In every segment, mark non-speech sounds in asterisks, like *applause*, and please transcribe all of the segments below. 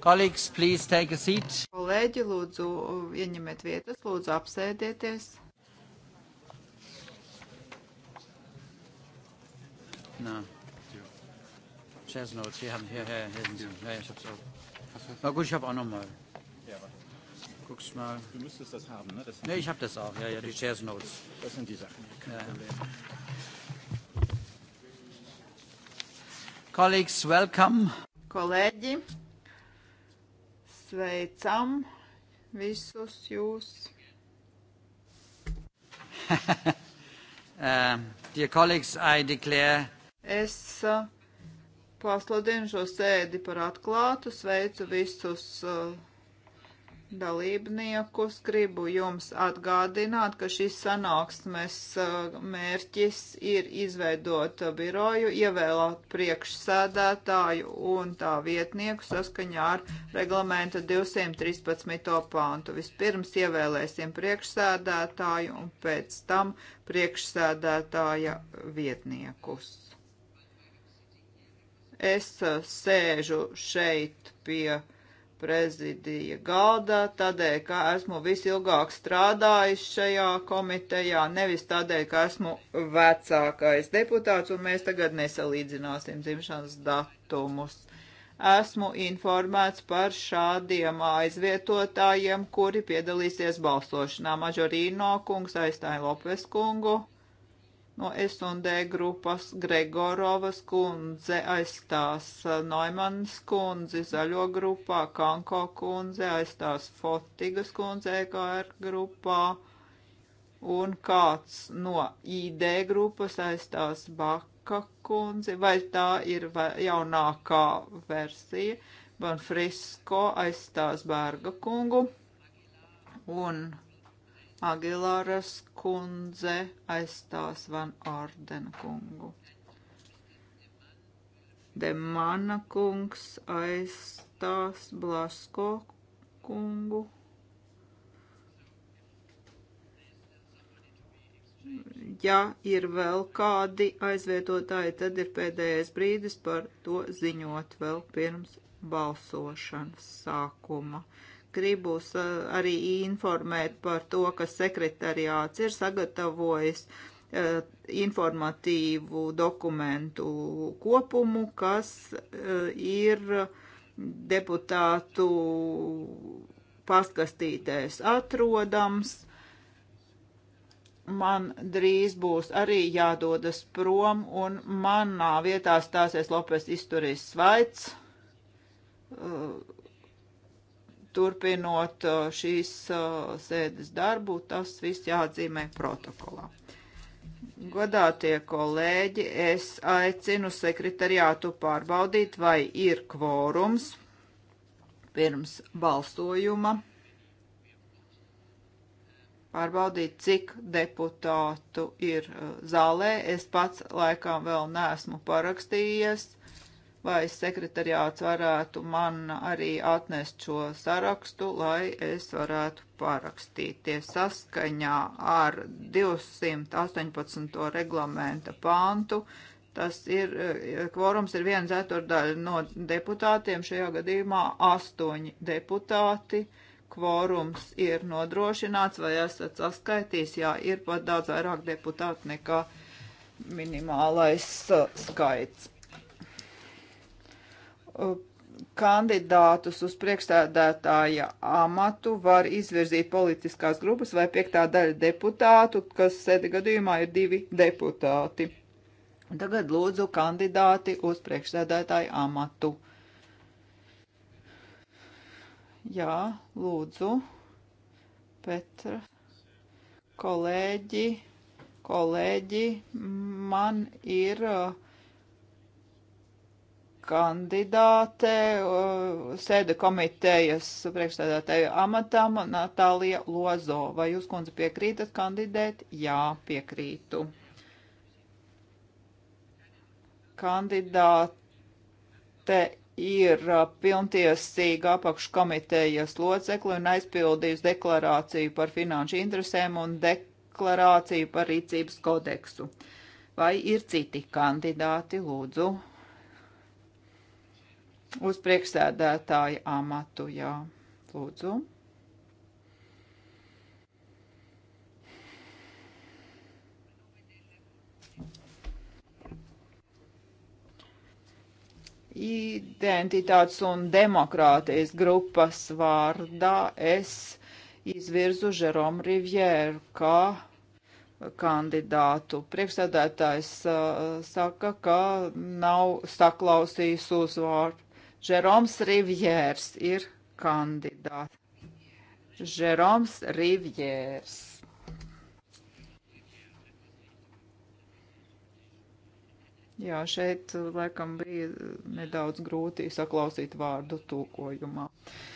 Colleagues, please take a seat. Kolēģi, lūdzu, ieņemiet vietas, lūdzu, apsēdieties. No. Chairs notes, Sie haben hier, hier, hier. Ja, ja, ich hab's auch. Na gut, ich hab auch nochmal. Ja, warte. Guck's mal. Du müsstest das haben, ne? Das ne, ich hab das auch, ja, ja, die Chairs Notes. Das sind die Sachen, die ja. Kolēģi, welcome. Kolēģi. Sveicam visus jūs. uh, *laughs* dear colleagues, I declare. Es uh, pasludinu šo sēdi par atklātu, sveicu visus. Uh, dalībniekus. Gribu jums atgādināt, ka šīs sanāksmes uh, mērķis ir izveidot biroju, ievēlēt priekšsēdētāju un tā vietnieku saskaņā ar reglamenta 213. pāntu. Vispirms ievēlēsim priekšsēdētāju un pēc tam priekšsēdētāja vietniekus. Es uh, sēžu šeit pie prezidija galda, tādēļ, ka esmu visilgāk strādājis šajā komitejā, nevis tādēļ, ka esmu vecākais deputāts, un mēs tagad nesalīdzināsim dzimšanas datumus. Esmu informēts par šādiem aizvietotājiem, kuri piedalīsies balsošanā. Mažorīno kungs aizstāja Lopes kungu no S&D grupas Gregorovas kundze aizstās Noimanas kundzi zaļo grupā, Kanko kundze aizstās Fotigas kundze EKR grupā, un kāds no ID grupas aizstās Baka kundzi, vai tā ir jaunākā versija, Banfrisko aizstās Bērga kungu, un Agilaras kundze aizstās Van Ordena kungu. Demana kungs aizstās Blasko kungu. ja ir vēl kādi aizvietotāji, tad ir pēdējais brīdis par to ziņot vēl pirms balsošanas sākuma gribus eh, arī informēt par to, ka sekretariāts ir sagatavojis eh, informatīvu dokumentu kopumu, kas eh, ir deputātu pastkastītēs atrodams man drīz būs arī jādodas prom, un manā vietā stāsies Lopes izturīs svaits. Uh, turpinot uh, šīs uh, sēdes darbu, tas viss jāatzīmē protokolā. Godātie kolēģi, es aicinu sekretariātu pārbaudīt, vai ir kvorums pirms balsojuma. Pārbaudīt, cik deputātu ir uh, zālē. Es pats laikam vēl neesmu parakstījies vai sekretariāts varētu man arī atnest šo sarakstu, lai es varētu parakstīties saskaņā ar 218. reglamenta pāntu. Tas ir, eh, kvorums ir viena ceturdaļa no deputātiem, šajā gadījumā astoņi deputāti kvorums ir nodrošināts, vai esat saskaitījis, jā, ir pat daudz vairāk deputātu nekā minimālais uh, skaits kandidātus uz priekšstādātāja amatu var izvirzīt politiskās grupas vai piektā daļa deputātu, kas sēdi gadījumā ir divi deputāti. Tagad lūdzu kandidāti uz priekšstādātāju amatu. Jā, lūdzu, Petra, kolēģi, kolēģi, man ir uh, kandidāte uh, sēde komitejas priekšstādātāja amatam Natālija Lozo. Vai jūs, kundze, piekrītat kandidēt? Jā, piekrītu. Kandidāte ir uh, pilntiesīga apakškomitejas locekli un aizpildījusi deklarāciju par finanšu interesēm un deklarāciju par rīcības kodeksu. Vai ir citi kandidāti, lūdzu? uz priekšsēdētāja amatu, jā, lūdzu. Identitātes un demokrātijas grupas vārdā es izvirzu Žeromu Rivjēru kā kandidātu. Priekšsēdētājs uh, saka, ka nav saklausījis uzvārdu Žeroms Rivjērs ir kandidāts. Žeroms Rivjērs. Jā, šeit laikam bija nedaudz grūti saklausīt vārdu tūkojumā. Uh,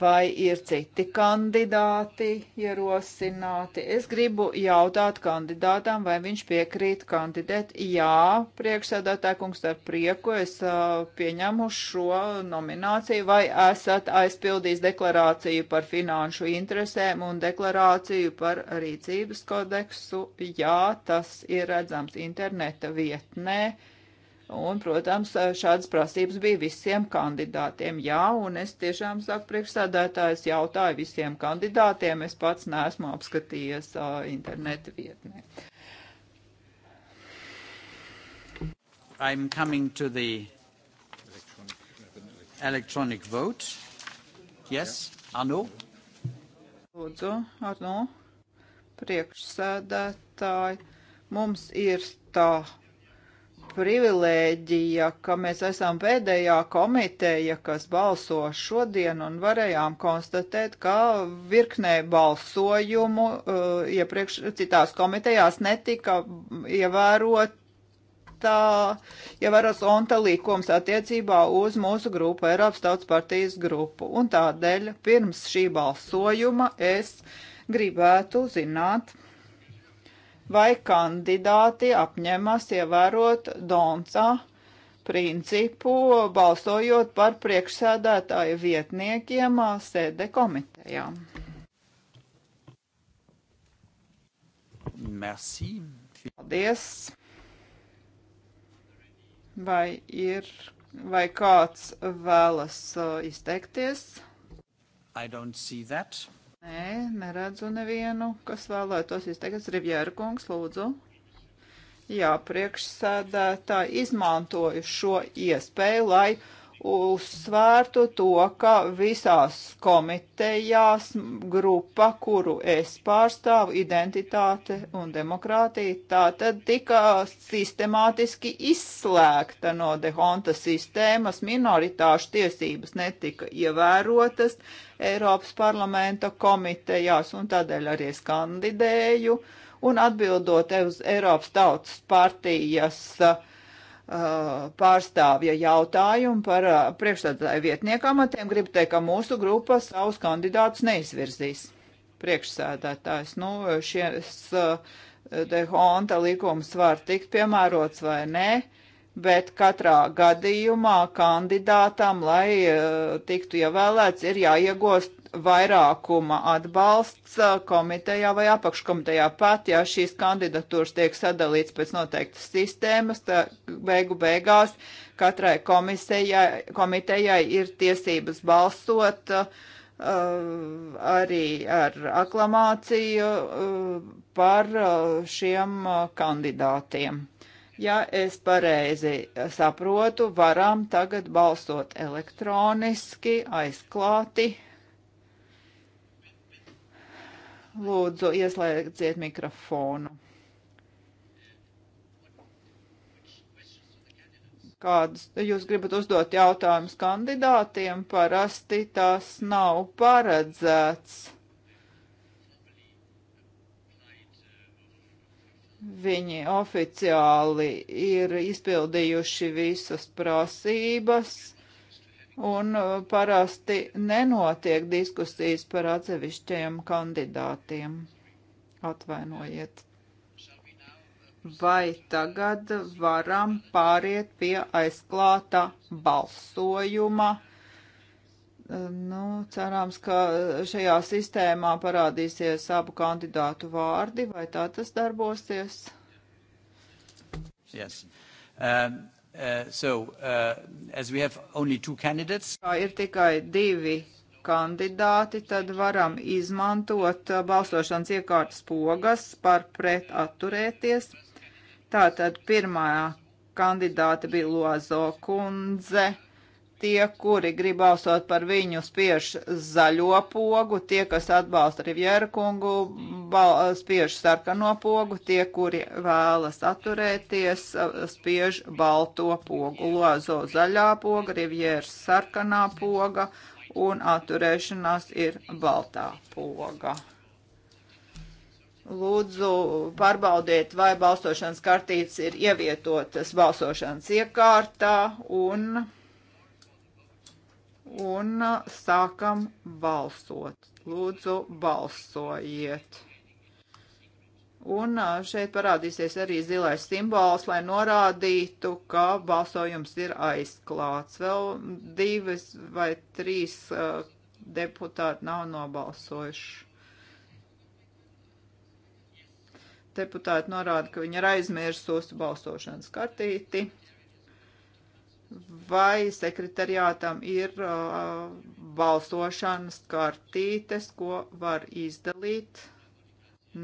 vai ir citi kandidāti ierosināti. Es gribu jautāt kandidātam, vai viņš piekrīt kandidēt. Jā, priekšsēdētāj kungs ar prieku, es uh, pieņemu šo nomināciju, vai esat aizpildījis deklarāciju par finanšu interesēm un deklarāciju par rīcības kodeksu. Jā, tas ir redzams interneta vietnē. Uh, Un, protams, šādas prasības bija visiem kandidātiem. Jā, un es tiešām saku priekšsādātājs jautāju visiem kandidātiem, es pats neesmu apskatījies uh, interneta vietnē. I'm coming to the electronic vote. Yes, Arno? Lūdzu, Arno, priekšsēdētāji, mums ir tā privilēģija, ka mēs esam pēdējā komiteja, kas balso šodien un varējām konstatēt, ka virknē balsojumu uh, iepriekš ja citās komitejās netika ievērot tā, ja varas onta līkums attiecībā uz mūsu grupu, Eiropas tautas partijas grupu. Un tādēļ pirms šī balsojuma es gribētu zināt, vai kandidāti apņemas ievērot Donca principu, balsojot par priekšsēdētāju vietniekiem sēde komitejā. Merci. Paldies. Vai ir, vai kāds vēlas uh, izteikties? I don't see that. Nē, neredzu nevienu, kas vēlētos izteikties. Rivjērkungs, lūdzu. Jā, priekšsēdētāji izmantoju šo iespēju, lai uzsvērtu to, ka visās komitejās grupa, kuru es pārstāvu, identitāte un demokrātija, tā tad tika sistemātiski izslēgta no dehonta sistēmas, minoritāšu tiesības netika ievērotas, Eiropas parlamenta komitejās, un tādēļ arī es kandidēju. Un atbildot uz Eiropas tautas partijas uh, pārstāvja jautājumu par uh, priekšstādātāju vietnieku amatiem, gribu teikt, ka mūsu grupa savus kandidātus neizvirzīs. Priekšsēdētājs, nu, šies uh, de honta likums var tikt piemērots vai nē. Uh, bet katrā gadījumā kandidātam, lai eh, tiktu ievēlēts, ir jāiegūst vairākuma atbalsts eh, komitejā vai apakškomitejā pat, ja šīs kandidatūras tiek sadalīts pēc noteiktas sistēmas, beigu beigās katrai komisijai, komitejai ir tiesības balsot uh, arī ar aklamāciju uh, par uh, šiem kandidātiem. Ja es pareizi saprotu, varam tagad balsot elektroniski, aizklāti. Lūdzu, ieslēdziet mikrofonu. Kādus jūs gribat uzdot jautājumus kandidātiem, parasti tas nav paredzēts. Viņi oficiāli ir izpildījuši visas prasības, un uh, parasti nenotiek diskusijas par atsevišķiem kandidātiem. Atvainojiet. Vai tagad varam pāriet pie aizklāta balsojuma? Nu, cerams, ka šajā sistēmā parādīsies abu kandidātu vārdi, vai tā tas darbosies? Yes. Um, uh, so, uh, as we have only two candidates. Kā ir tikai divi kandidāti, tad varam izmantot uh, balsošanas iekārtas pogas par pret atturēties. Tātad pirmā kandidāte bija Lozo kundze tie, kuri grib balsot par viņu, spiež zaļo pogu, tie, kas atbalsta Rivjera kungu, bal, spiež sarkano pogu, tie, kuri vēlas atturēties, spiež balto pogu. Lozo zaļā poga, Rivjera sarkanā poga un atturēšanās ir baltā poga. Lūdzu, pārbaudiet, vai balsošanas kartītes ir ievietotas balsošanas iekārtā un un uh, sākam balsot. Lūdzu, balsojiet. Un uh, šeit parādīsies arī zilais simbols, lai norādītu, ka balsojums ir aizklāts. Vēl divas vai trīs uh, deputāti nav nobalsojuši. Deputāti norāda, ka viņi ir aizmirsusi balsošanas kartīti vai sekretariātam ir uh, balsošanas kartītes, ko var izdalīt.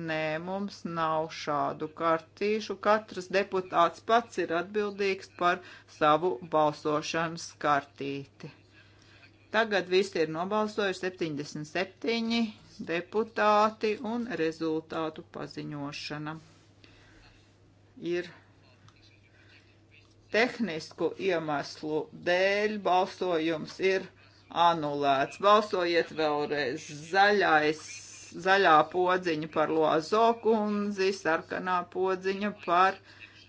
Nē, mums nav šādu kartīšu. Katrs deputāts pats ir atbildīgs par savu balsošanas kartīti. Tagad visi ir nobalsojuši 77 deputāti un rezultātu paziņošana ir tehnisku iemeslu dēļ balsojums ir anulēts. Balsojiet vēlreiz zaļais, zaļā podziņa par Loazo kundzi, sarkanā podziņa par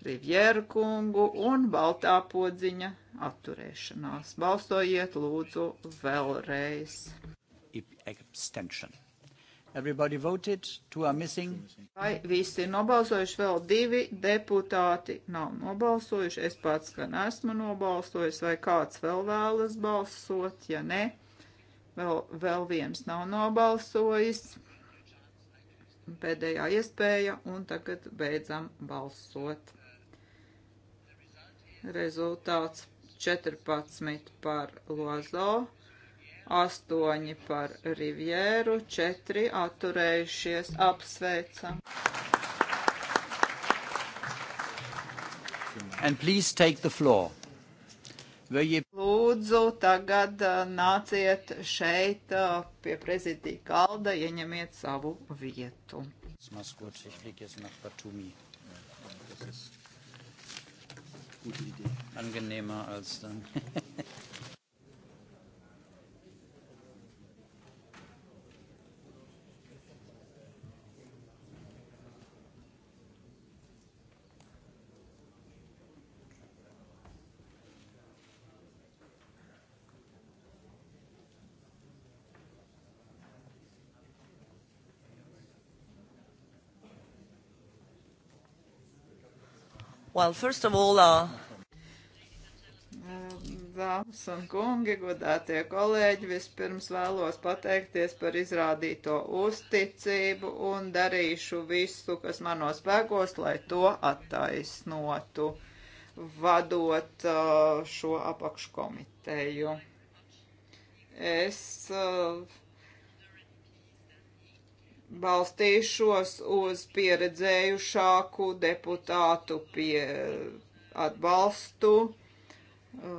Rivjeru kungu un baltā podziņa atturēšanās. Balsojiet lūdzu vēlreiz. Abstention. Everybody voted, two are missing. Vai visi nobalsojuši, vēl divi deputāti nav nobalsojuši, es pats gan esmu nobalsojis, vai kāds vēl vēlas balsot, ja ne, vēl, vēl viens nav nobalsojis. Pēdējā iespēja, un tagad beidzam balsot. Rezultāts 14 par Lozo. 8 par Rivjēru, 4 atturējušies, apsveicam. And please take the floor. You... Lūdzu, tagad uh, nāciet šeit uh, pie prezidija kalda, ieņemiet savu vietu. Angenehmer als dann. *laughs* Well, first of all, uh... Dāmas un kungi, godātie kolēģi, vispirms vēlos pateikties par izrādīto uzticību un darīšu visu, kas manos spēkos, lai to attaisnotu, vadot uh, šo apakškomiteju. Es uh, balstīšos uz pieredzējušāku deputātu pie atbalstu, uh,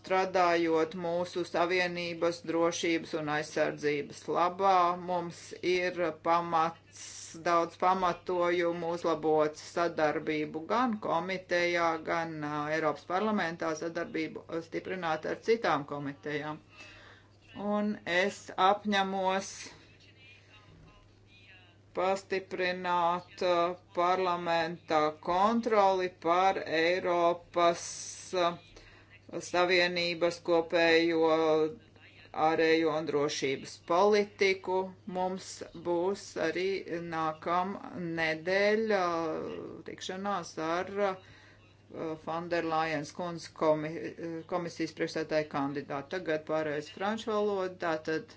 strādājot mūsu savienības drošības un aizsardzības labā. Mums ir pamats, daudz pamatojumu uzlabot sadarbību gan komitejā, gan uh, Eiropas parlamentā sadarbību stiprināt ar citām komitejām. Un es apņemos pastiprināt uh, parlamentā kontroli par Eiropas uh, Savienības kopējo ārējo un drošības politiku. Mums būs arī nākam nedēļa uh, tikšanās ar Fanderlajens kundzes komi komisijas priekšstādāja kandidātu. Tagad pārējais franču valoda, tātad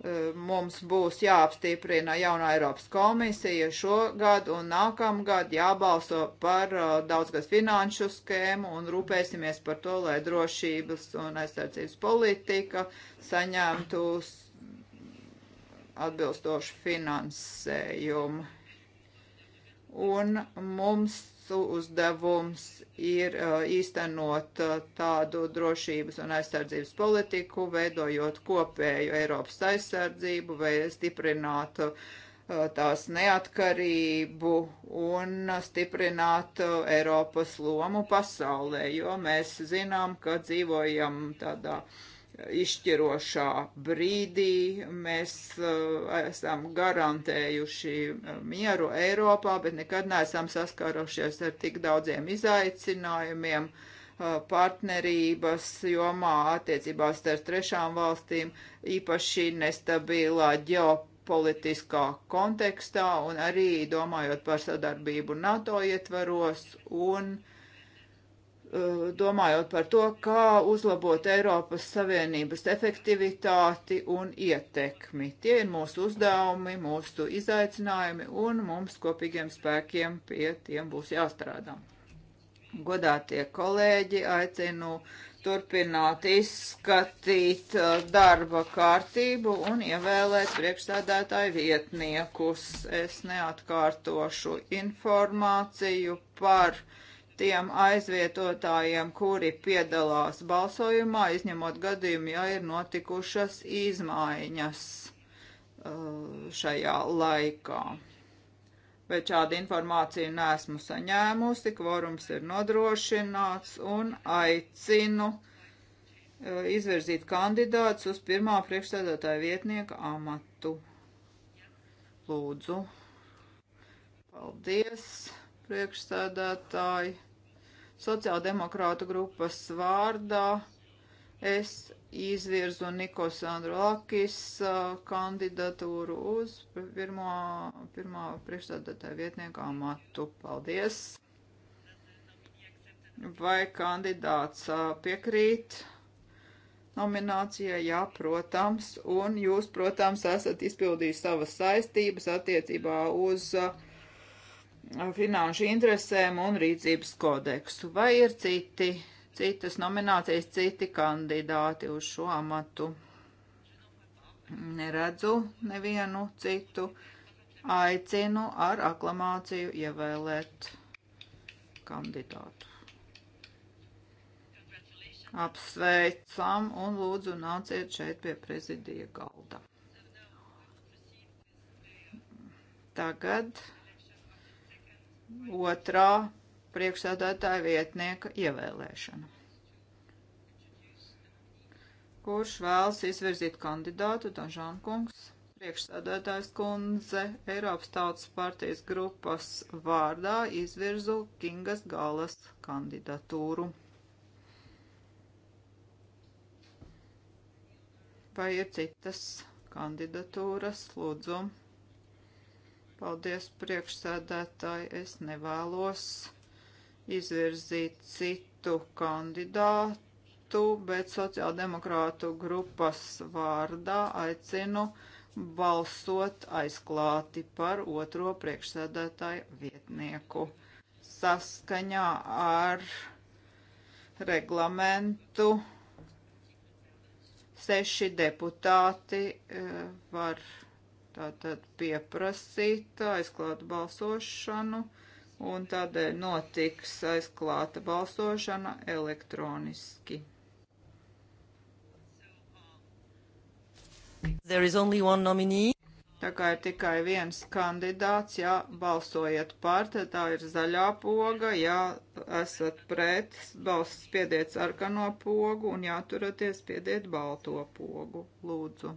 E, mums būs jāapstiprina jaunā Eiropas komisija šogad un nākamgad jābalso par e, daudzgad finanšu skēmu un rūpēsimies par to, lai drošības un aizsardzības politika saņemtu atbilstošu finansējumu. Un mums mūsu uzdevums ir īstenot tādu drošības un aizsardzības politiku, veidojot kopēju Eiropas aizsardzību vai stiprināt tās neatkarību un stiprināt Eiropas lomu pasaulē, jo mēs zinām, ka dzīvojam tādā uh, izšķirošā brīdī. Mēs uh, esam garantējuši uh, mieru Eiropā, bet nekad neesam saskarušies ar tik daudziem izaicinājumiem uh, partnerības jomā attiecībās ar trešām valstīm, īpaši nestabilā ģeopolitiskā kontekstā un arī domājot par sadarbību NATO ietvaros un uh, domājot par to, kā uzlabot Eiropas Savienības efektivitāti un ietekmi. Tie ir mūsu uzdevumi, mūsu izaicinājumi, un mums kopīgiem spēkiem pie tiem būs jāstrādā. Godātie kolēģi, aicinu turpināt izskatīt uh, darba kārtību un ievēlēt priekšstādātāju vietniekus. Es neatkārtošu informāciju par tiem aizvietotājiem, kuri piedalās balsojumā, izņemot gadījumu, ja ir notikušas izmaiņas uh, šajā laikā. Bet šādu informāciju neesmu saņēmusi, kvorums ir nodrošināts un aicinu uh, izvirzīt kandidātus uz pirmā priekšsēdētāja vietnieka amatu. Lūdzu. Paldies, priekšsēdētāji sociāldemokrātu grupas vārdā es izvirzu Nikos Androlakis uh, kandidatūru uz pirmo, pirmā priekšstādātāja vietnieka amatu. Paldies! Vai kandidāts uh, piekrīt? nominācijā, jā, protams, un jūs, protams, esat izpildījis savas saistības attiecībā uz uh, finanšu interesēm un rīcības kodeksu. Vai ir citi, citas nominācijas, citi kandidāti uz šo amatu? Neredzu nevienu citu. Aicinu ar aklamāciju ievēlēt kandidātu. Apsveicam un lūdzu nāciet šeit pie prezidija galda. Tagad otrā priekšsēdētāja vietnieka ievēlēšana. Kurš vēlas izvirzīt kandidātu Dažānu kungs? Priekšsēdētājs kundze Eiropas Tautas partijas grupas vārdā izvirzu Kingas Galas kandidatūru. Vai ir citas kandidatūras? Lūdzu. Paldies priekšsēdētāji, es nevēlos izvirzīt citu kandidātu, bet sociāldemokrātu grupas vārdā aicinu balsot aizklāti par otro priekšsēdētāju vietnieku. Saskaņā ar reglamentu seši deputāti eh, var tātad pieprasīt aizklātu balsošanu, un tādēļ notiks aizklāta balsošana elektroniski. There is only one nominee. Tā kā ir tikai viens kandidāts, ja balsojat par, tad tā ir zaļā poga, ja esat pret, balsts spiediet sarkano pogu un jāturaties spiediet balto pogu. Lūdzu.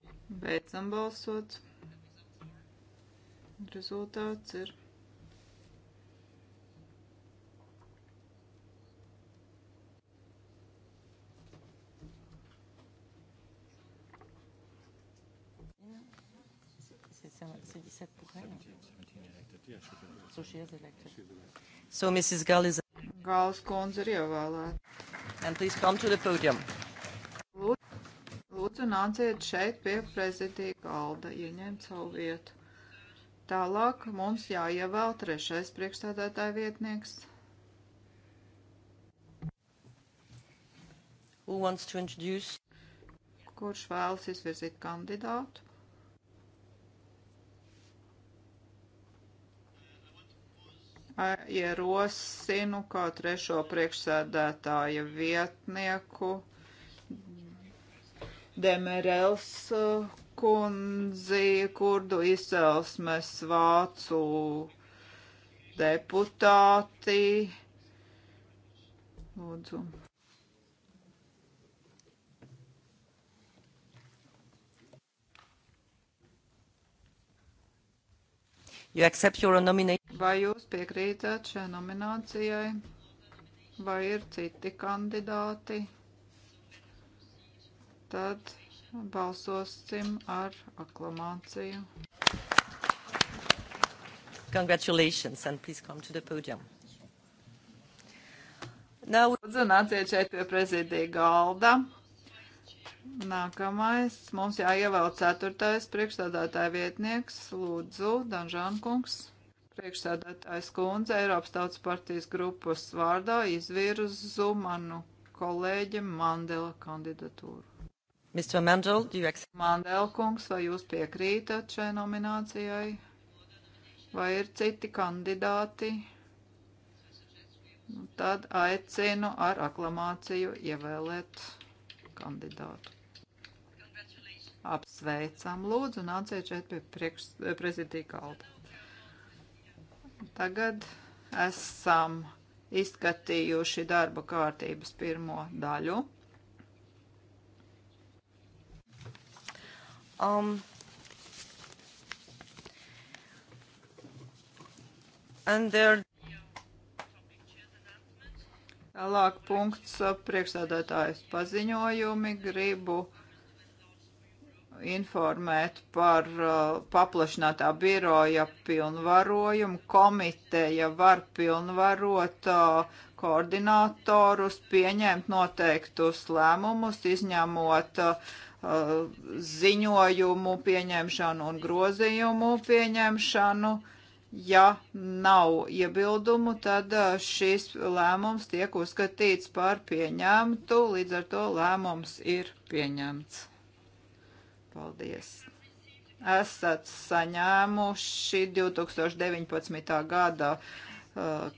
Beidzam balsot. Rezultāts ir. c'est 17 pour elle. So she is elected. So Mrs. Gall is. Gall's cons ir ievēlēta. And please come to the podium lūdzu nāciet šeit pie prezidija galda, ieņemt savu vietu. Tālāk mums jāievēl trešais priekšstādātāja vietnieks. Who wants to introduce? Kurš vēlas izvirzīt kandidātu? Ierosinu kā trešo priekšsēdētāja vietnieku Demerels uh, kundzi, kurdu izcelsmes vācu deputāti. Lūdzu. You accept your nomination. Vai jūs piekrītat šai nominācijai? Vai ir citi kandidāti? Tad balsosim ar aklamāciju. Congratulations and please come to the podium. Now... Zināciet šeit pie prezidija galda. Nākamais. Mums jāievēl ceturtais priekšstādātāja vietnieks. Lūdzu, Danžānkungs. Priekšstādātājs kundze Eiropas Tautas partijas grupas vārdā izvirzu manu kolēģi Mandela kandidatūru. Mr. Mandel, do you accept? Mandel kungs, vai jūs piekrītat šai nominācijai? Vai ir citi kandidāti? Un nu, tad aicinu ar aklamāciju ievēlēt kandidātu. Apsveicam, lūdzu, nāciet šeit pie priekš, eh, prezidija galda. Tagad esam izskatījuši darba kārtības pirmo daļu. Um, and there Tālāk punkts uh, priekšsēdētājs paziņojumi. Gribu informēt par uh, paplašinātā biroja pilnvarojumu. Komiteja var pilnvarot uh, koordinatorus, pieņemt noteiktus lēmumus, izņemot uh, ziņojumu pieņemšanu un grozījumu pieņemšanu. Ja nav iebildumu, tad šis lēmums tiek uzskatīts par pieņemtu, līdz ar to lēmums ir pieņemts. Paldies! Esat saņēmuši 2019. gada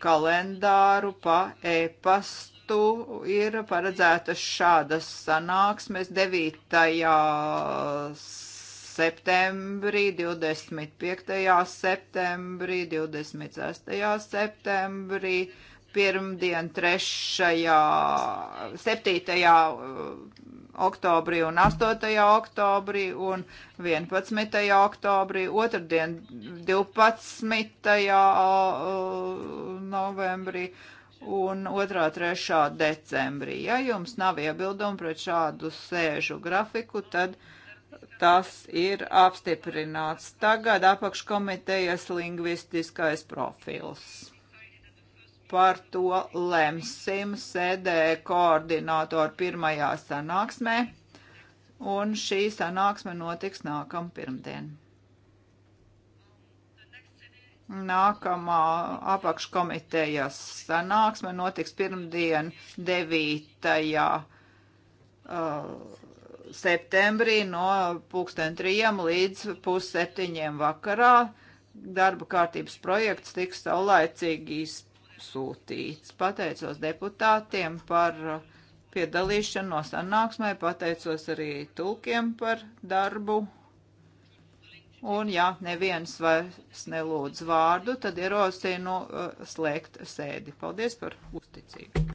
kalendāru pa e-pastu martu ir paredzētas šādas sanāksmes 9. septembrī, 25. septembrī, 26. septembrī, pirmdien 3. 7. Uh, oktobrī un 8. oktobrī un 11. oktobrī, otrdien 12. Uh, novembrī un 2. 3. decembrī. Ja jums nav iebildumu pret šādu sēžu grafiku, tad tas ir apstiprināts. Tagad apakškomitejas lingvistiskais profils. Par to lemsim sēdē koordinātoru pirmajā sanāksmē, un šī sanāksme notiks nākam pirmdien. Nākamā apakškomitejas sanāksme notiks pirmdien 9. Uh, septembrī no pulksten 3 līdz pusseptiņiem vakarā. Darba kārtības projekts tiks saulaicīgi izsūtīts. Pateicos deputātiem par piedalīšanos no sanāksmē, pateicos arī tulkiem par darbu. Un, ja neviens vairs nelūdz vārdu, tad ierosinu uh, slēgt sēdi. Paldies par uzticību.